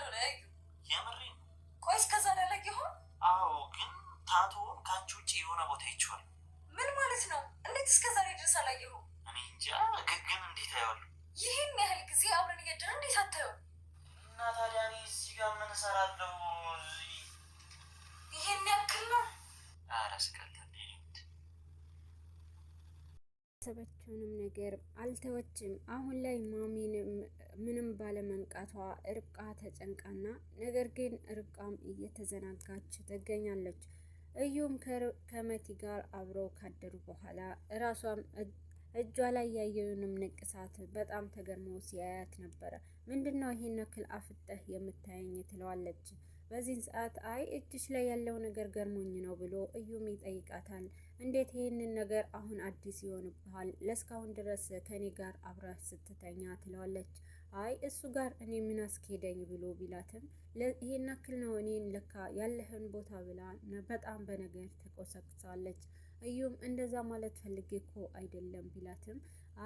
ታቶ የምሬ ነው። ቆይ እስከዛ ይሆን? አዎ፣ ግን ከአንቺ ውጭ የሆነ ቦታ ይችዋል። ምን ማለት ነው? እንዴት እስከዛሬ ድረስ አላየሁም? ያሰበችውንም ነገር አልተወችም። አሁን ላይ ማሚን ምንም ባለመንቃቷ ርብቃ ተጨንቃና ነገር ግን ርብቃም እየተዘናጋች ትገኛለች። እዩም ከመቲ ጋር አብረው ካደሩ በኋላ እራሷም እጇ ላይ ያየውንም ንቅሳት በጣም ተገርሞ ሲያያት ነበረ። ምንድን ነው ይሄን ያክል አፍጠህ የምታየኝ ትለዋለች። በዚህን ሰዓት አይ እጅሽ ላይ ያለው ነገር ገርሞኝ ነው ብሎ እዩም ይጠይቃታል። እንዴት ይህንን ነገር አሁን አዲስ ይሆንብሃል? ለእስካሁን ድረስ ከኔ ጋር አብረህ ስትተኛ ትለዋለች። አይ እሱ ጋር እኔ ምን አስኬደኝ ብሎ ቢላትም ይሄን አክል ነው እኔን ለካ ያለህን ቦታ ብላ በጣም በነገር ተቆሰቅሳለች። እዩም እንደዛ ማለት ፈልጌ እኮ አይደለም ቢላትም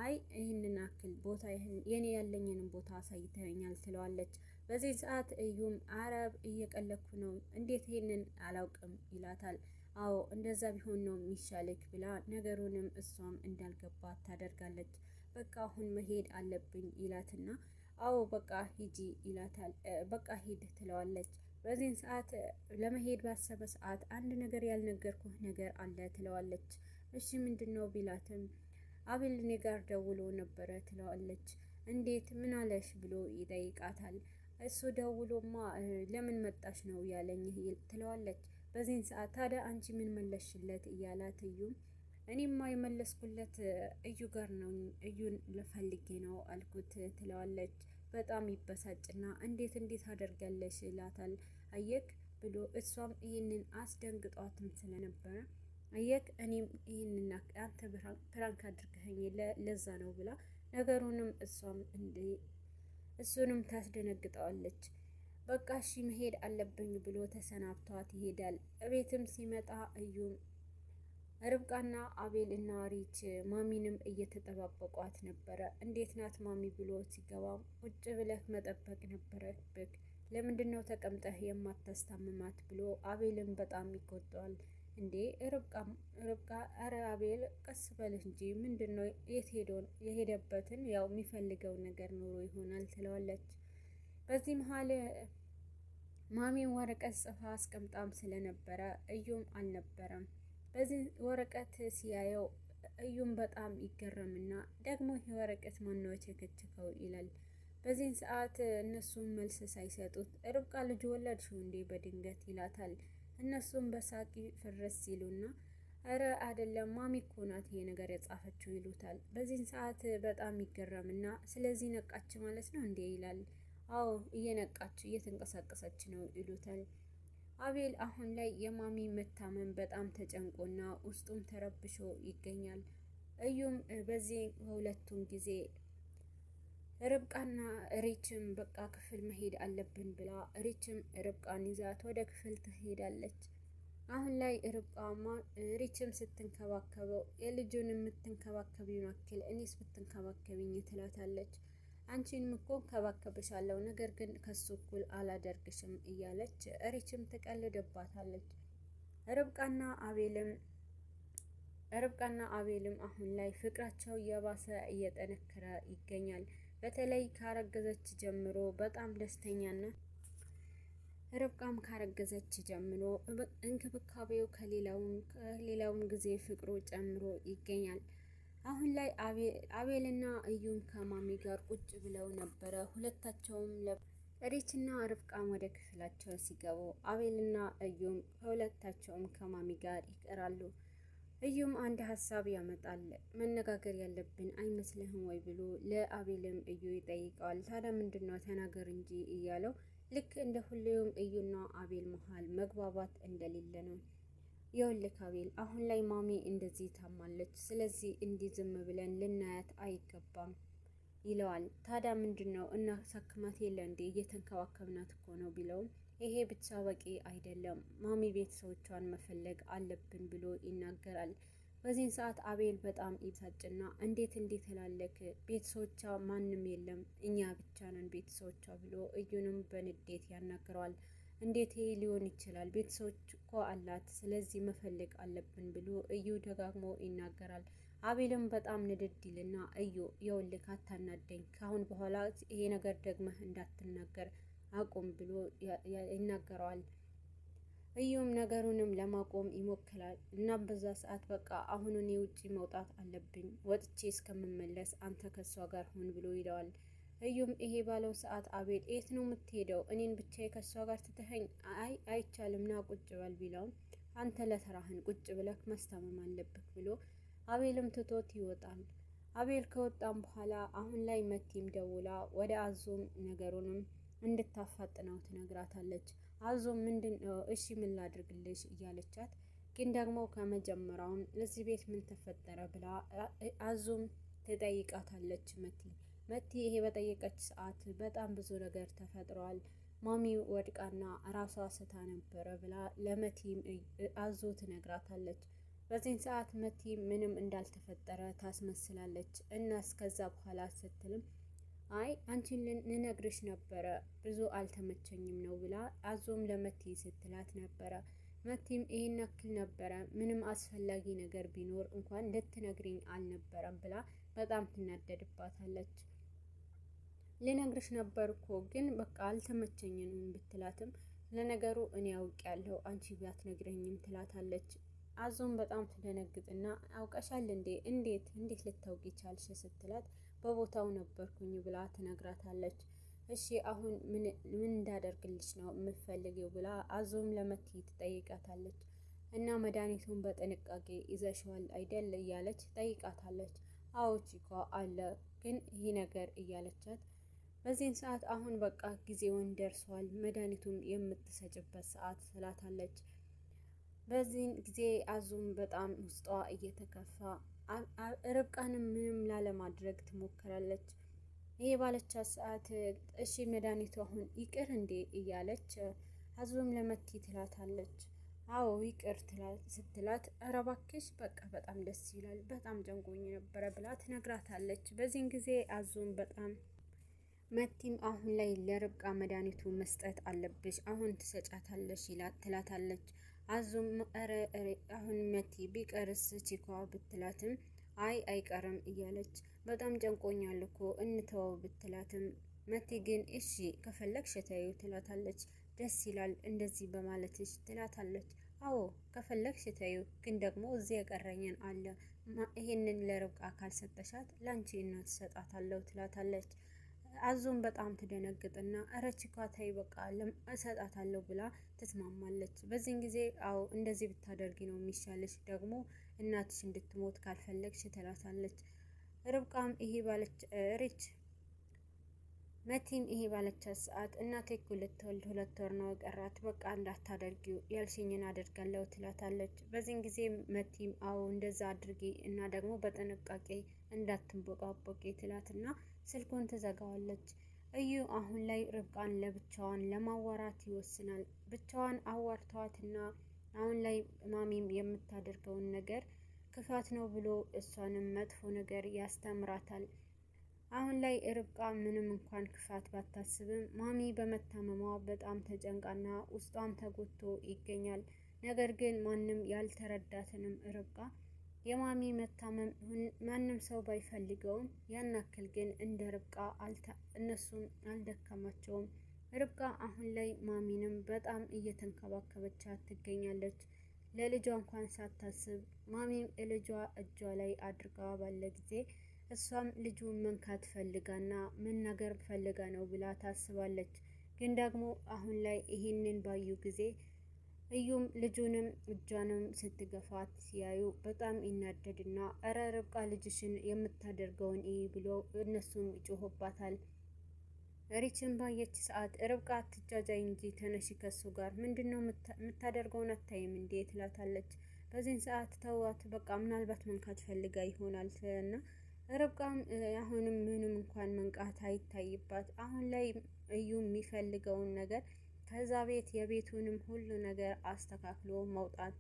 አይ ይህንን አክል ቦታ የኔ ያለኝንም ቦታ አሳይተኛል ትለዋለች። በዚህ ሰዓት እዩም አረብ እየቀለኩ ነው እንዴት ይህንን አላውቅም ይላታል። አዎ እንደዛ ቢሆን ነው የሚሻለች ብላ ነገሩንም እሷም እንዳልገባት ታደርጋለች። በቃ አሁን መሄድ አለብኝ ይላትና አዎ በቃ ሂጂ ይላታል። በቃ ሂድ ትለዋለች። በዚህን ሰዓት ለመሄድ ባሰበ ሰዓት አንድ ነገር ያልነገርኩህ ነገር አለ ትለዋለች። እሺ ምንድን ነው ቢላትም አቤል እኔ ጋር ደውሎ ነበረ ትለዋለች። እንዴት ምን አለሽ ብሎ ይጠይቃታል። እሱ ደውሎማ ለምን መጣሽ ነው ያለኝ ትለዋለች። በዚህን ሰዓት ታዲያ አንቺ ምን መለሽለት እያላት እዩም እኔማ የመለስኩለት እዩ ጋር ነው፣ እዩን ልፈልጌ ነው አልኩት ትለዋለች። በጣም ይበሳጭና እንዴት እንዴት አደርጋለሽ ይላታል። አየክ ብሎ እሷም ይህንን አስደንግጧትም ስለነበረ አየክ እኔም ይህንን አንተ ፕራንክ አድርገኸኝ ለዛ ነው ብላ ነገሩንም እሷም እንዴ እሱንም ታስደነግጠዋለች። በቃ እሺ መሄድ አለብኝ ብሎ ተሰናብቷት ይሄዳል። እቤትም ሲመጣ እዩም ርብቃና አቤል እና ሪች ማሚንም እየተጠባበቋት ነበረ። እንዴት ናት ማሚ ብሎ ሲገባም ቁጭ ብለህ መጠበቅ ነበረብህ፣ ለምንድን ነው ተቀምጠህ የማታስታምማት ብሎ አቤልም በጣም ይቆጣዋል። እንዴ ርብቃ፣ ኧረ አቤል ቀስ በል እንጂ ምንድን ነው የት ሄዶን የሄደበትን ያው የሚፈልገው ነገር ኖሮ ይሆናል ትለዋለች። በዚህ መሀል ማሚን ወረቀት ጽፋ አስቀምጣም ስለነበረ እዩም አልነበረም። በዚህ ወረቀት ሲያየው እዩም በጣም ይገረምና ደግሞ ይህ ወረቀት ማነው የቸከቸከው ይላል። በዚህን ሰዓት እነሱም መልስ ሳይሰጡት ርብቃ ልጅ ወለድሽው እንዴ በድንገት ይላታል። እነሱም በሳቂ ፍርስ ሲሉና እረ አይደለም ማሚ እኮ ናት ይሄ ነገር የጻፈችው ይሉታል። በዚህን ሰዓት በጣም ይገረምና ስለዚህ ነቃች ማለት ነው እንዴ ይላል። አዎ እየነቃች እየተንቀሳቀሰች ነው ይሉታል። አቤል አሁን ላይ የማሚ መታመን በጣም ተጨንቆና ውስጡም ተረብሾ ይገኛል። እዩም በዚህ በሁለቱም ጊዜ ርብቃና ሪችም በቃ ክፍል መሄድ አለብን ብላ ሪችም ርብቃን ይዛት ወደ ክፍል ትሄዳለች። አሁን ላይ ርብቃማ ሪችም ስትንከባከበው የልጁን የምትንከባከብ ይመክል እኔስ ብትንከባከብኝ ትላታለች። አንቺንም እኮ ከባከብሻለሁ፣ ነገር ግን ከሱ እኩል አላደርግሽም እያለች ሪችም ትቀልድባታለች። ርብቃና አቤልም ርብቃና አቤልም አሁን ላይ ፍቅራቸው እየባሰ እየጠነከረ ይገኛል። በተለይ ካረገዘች ጀምሮ በጣም ደስተኛና ርብቃም ካረገዘች ጀምሮ እንክብካቤው ከሌላውም ጊዜ ፍቅሩ ጨምሮ ይገኛል። አሁን ላይ አቤልና እዩም ከማሚ ጋር ቁጭ ብለው ነበረ። ሁለታቸውም ሪችና ርብቃም ወደ ክፍላቸው ሲገቡ አቤልና እዩም ከሁለታቸውም ከማሚ ጋር ይቀራሉ። እዩም አንድ ሀሳብ ያመጣል። መነጋገር ያለብን አይመስልህም ወይ ብሎ ለአቤልም እዩ ይጠይቀዋል። ታዲያ ምንድን ነው ተናገር እንጂ እያለው ልክ እንደ ሁሌውም እዩና አቤል መሀል መግባባት እንደሌለ ነው የወልክ አቤል አሁን ላይ ማሚ እንደዚህ ታማለች፣ ስለዚህ እንዲህ ዝም ብለን ልናያት አይገባም ይለዋል። ታዲያ ምንድን ነው እናሳክማት የለ እንዴ እየተንከባከብናት እኮ ነው ቢለውም ይሄ ብቻ በቂ አይደለም፣ ማሚ ቤተሰቦቿን መፈለግ አለብን ብሎ ይናገራል። በዚህን ሰዓት አቤል በጣም ይብሳጭና እንዴት እንዴት ላለክ ቤተሰቦቿ ማንም የለም እኛ ብቻ ነን ቤተሰቦቿ ብሎ እዩንም በንዴት ያናግረዋል። እንዴት ይሄ ሊሆን ይችላል? ቤተሰቦች እኮ አላት፣ ስለዚህ መፈለግ አለብን ብሎ እዩ ደጋግሞ ይናገራል። አቤልም በጣም ንድድ ይልና እዩ የውልክ አታናደኝ፣ ካሁን በኋላ ይሄ ነገር ደግመህ እንዳትናገር አቁም ብሎ ይናገረዋል። እዩም ነገሩንም ለማቆም ይሞክራል። እና በዛ ሰዓት በቃ አሁኑን የውጭ መውጣት አለብኝ፣ ወጥቼ እስከምመለስ አንተ ከሷ ጋር ሁን ብሎ ይለዋል። እዩም ይሄ ባለው ሰዓት አቤል የት ነው የምትሄደው? እኔን ብቻዬ ከእሷ ጋር ትተኸኝ? አይ አይቻልም፣ ና ቁጭ በል ቢለውም አንተ ለተራህን ቁጭ ብለህ ማስታመም አለብህ ብሎ አቤልም ትቶት ይወጣል። አቤል ከወጣም በኋላ አሁን ላይ መቲም ደውላ ወደ አዞም ነገሩንም እንድታፋጥነው ትነግራታለች። አዞም ምንድን ነው እሺ ምን ላድርግልሽ እያለቻት ግን ደግሞ ከመጀመሪያውም እዚህ ቤት ምን ተፈጠረ ብላ አዞም ትጠይቃታለች መቲ መቲ ይሄ በጠየቀች ሰዓት በጣም ብዙ ነገር ተፈጥሯል። ማሚ ወድቃና ራሷ ስታ ነበረ ብላ ለመቲም አዞ ትነግራታለች። በዚህን ሰዓት መቲ ምንም እንዳልተፈጠረ ታስመስላለች እና እስከዛ በኋላ ስትልም አይ አንቺን ልነግርሽ ነበረ ብዙ አልተመቸኝም ነው ብላ አዞም ለመቲ ስትላት ነበረ። መቲም ይሄን ያክል ነበረ ምንም አስፈላጊ ነገር ቢኖር እንኳን ልትነግሪኝ አልነበረም ብላ በጣም ትናደድባታለች። ልነግርሽ ነበር እኮ ግን በቃ አልተመቸኝም ብትላትም ለነገሩ እኔ አውቅ ያለው አንቺ ባትነግረኝም ትላታለች። አዞም በጣም ትደነግጥና አውቀሻል እንዴ? እንዴት እንዴት ልታውቂ ቻልሽ? ስትላት በቦታው ነበርኩኝ ብላ ትነግራታለች። እሺ አሁን ምን እንዳደርግልሽ ነው የምትፈልጊው? ብላ አዞም ለመትይ ትጠይቃታለች። እና መድኃኒቱን በጥንቃቄ ይዘሽዋል አይደል? እያለች ትጠይቃታለች። አዎ ቺኳ አለ ግን ይህ ነገር እያለቻት በዚህን ሰዓት አሁን በቃ ጊዜውን ደርሷል መድኃኒቱን የምትሰጭበት ሰዓት ስላታለች። በዚህን ጊዜ አዙም በጣም ውስጧ እየተከፋ ርብቃንም ምንም ላለማድረግ ትሞክራለች። ይህ ባለቻት ሰዓት እሺ መድኃኒቱ አሁን ይቅር እንዴ እያለች አዙም ለመቲ ትላታለች። አዎ ይቅር ስትላት ኧረ እባክሽ በቃ በጣም ደስ ይላል፣ በጣም ጨንቆኝ ነበረ ብላ ትነግራታለች። በዚህን ጊዜ አዞን በጣም መቲም አሁን ላይ ለርብቃ መድኃኒቱ መስጠት አለብሽ፣ አሁን ትሰጫታለሽ ትላታለች። አዞም ኧረ አሁን መቲ ቢቀርስ ቺኳ ብትላትም አይ አይቀርም እያለች በጣም ጨንቆኛል እኮ እንተወው ብትላትም መቲ ግን እሺ ከፈለግሽ ተይው ትላታለች። ደስ ይላል እንደዚህ በማለትሽ ትላታለች። አዎ ከፈለግሽ ተዩ፣ ግን ደግሞ እዚህ የቀረኝን አለ ይህንን ለርብቃ ካልሰጠሻት ለአንቺ እናት ሰጣታለሁ ትላታለች። አዙም በጣም ትደነግጥና እረ ችኳ ተይ በቃ እሰጣታለሁ ብላ ትስማማለች። በዚህን ጊዜ አዎ እንደዚህ ብታደርጊ ነው የሚሻለሽ፣ ደግሞ እናትሽ እንድትሞት ካልፈለግሽ ትላታለች። ርብቃም ይሄ ባለች ሪች መቲም ይሄ ባለቻት ሰዓት እናቴ እኮ ልትወልድ ሁለት ወር ነው ቀራት፣ በቃ እንዳታደርጊው ያልሽኝን አደርጋለሁ ትላታለች። በዚህን ጊዜ መቲም አዎ እንደዛ አድርጊ እና ደግሞ በጥንቃቄ እንዳትንቦቃቦቂ ትላትና ስልኩን ትዘጋዋለች። እዩ አሁን ላይ ርብቃን ለብቻዋን ለማዋራት ይወስናል። ብቻዋን አዋርተዋትና አሁን ላይ ማሚም የምታደርገውን ነገር ክፋት ነው ብሎ እሷንም መጥፎ ነገር ያስተምራታል። አሁን ላይ ርብቃ ምንም እንኳን ክፋት ባታስብም ማሚ በመታመሟ በጣም ተጨንቃና ውስጧም ተጎድቶ ይገኛል። ነገር ግን ማንም ያልተረዳትንም ርብቃ የማሚ መታመም ማንም ሰው ባይፈልገውም ያን ያክል ግን እንደ ርብቃ እነሱም አልደከማቸውም። ርብቃ አሁን ላይ ማሚንም በጣም እየተንከባከበቻት ትገኛለች። ለልጇ እንኳን ሳታስብ ማሚም ልጇ እጇ ላይ አድርጋ ባለ ጊዜ እሷም ልጁን መንካት ፈልጋና መናገር ፈልጋ ነው ብላ ታስባለች። ግን ደግሞ አሁን ላይ ይህንን ባዩ ጊዜ እዩም ልጁንም እጇንም ስትገፋት ሲያዩ በጣም ይናደድና እረ ርብቃ ልጅሽን የምታደርገውን ይህ ብሎ እነሱም ይጮሆባታል። ሪችን ባየች ሰዓት ርብቃ አትጃጃይ እንጂ ተነሽ ከሱ ጋር ምንድን ነው የምታደርገውን አታይም እንዴ? ትላታለች። በዚህን ሰዓት ተዋት በቃ ምናልባት መንካት ፈልጋ ይሆናል እና ርብቃም አሁንም ምንም እንኳን መንቃት አይታይባት አሁን ላይ እዩ የሚፈልገውን ነገር ከዛ ቤት የቤቱንም ሁሉ ነገር አስተካክሎ መውጣት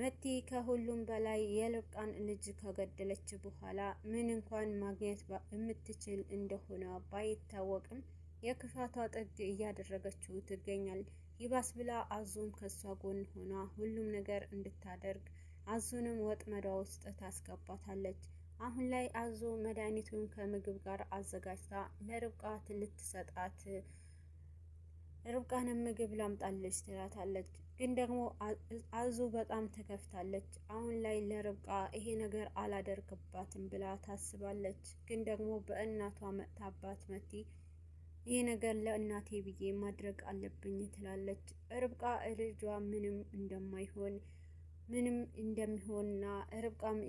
መቲ ከሁሉም በላይ የርብቃን ልጅ ከገደለች በኋላ ምን እንኳን ማግኘት የምትችል እንደሆነ ባይታወቅም የክፋቷ ጥግ እያደረገችው ትገኛል። ይባስ ብላ አዞም ከሷ ጎን ሆና ሁሉም ነገር እንድታደርግ አዞንም ወጥመዷ ውስጥ ታስገባታለች። አሁን ላይ አዞ መድኃኒቱን ከምግብ ጋር አዘጋጅታ ለርብቃ ልትሰጣት ርብቃንም ምግብ ላምጣለች ትላታለች። ግን ደግሞ አዙ በጣም ትከፍታለች። አሁን ላይ ለርብቃ ይሄ ነገር አላደርግባትም ብላ ታስባለች። ግን ደግሞ በእናቷ መጥታባት መቲ ይሄ ነገር ለእናቴ ብዬ ማድረግ አለብኝ ትላለች። ርብቃ ልጇ ምንም እንደማይሆን ምንም እንደሚሆንና ርብቃም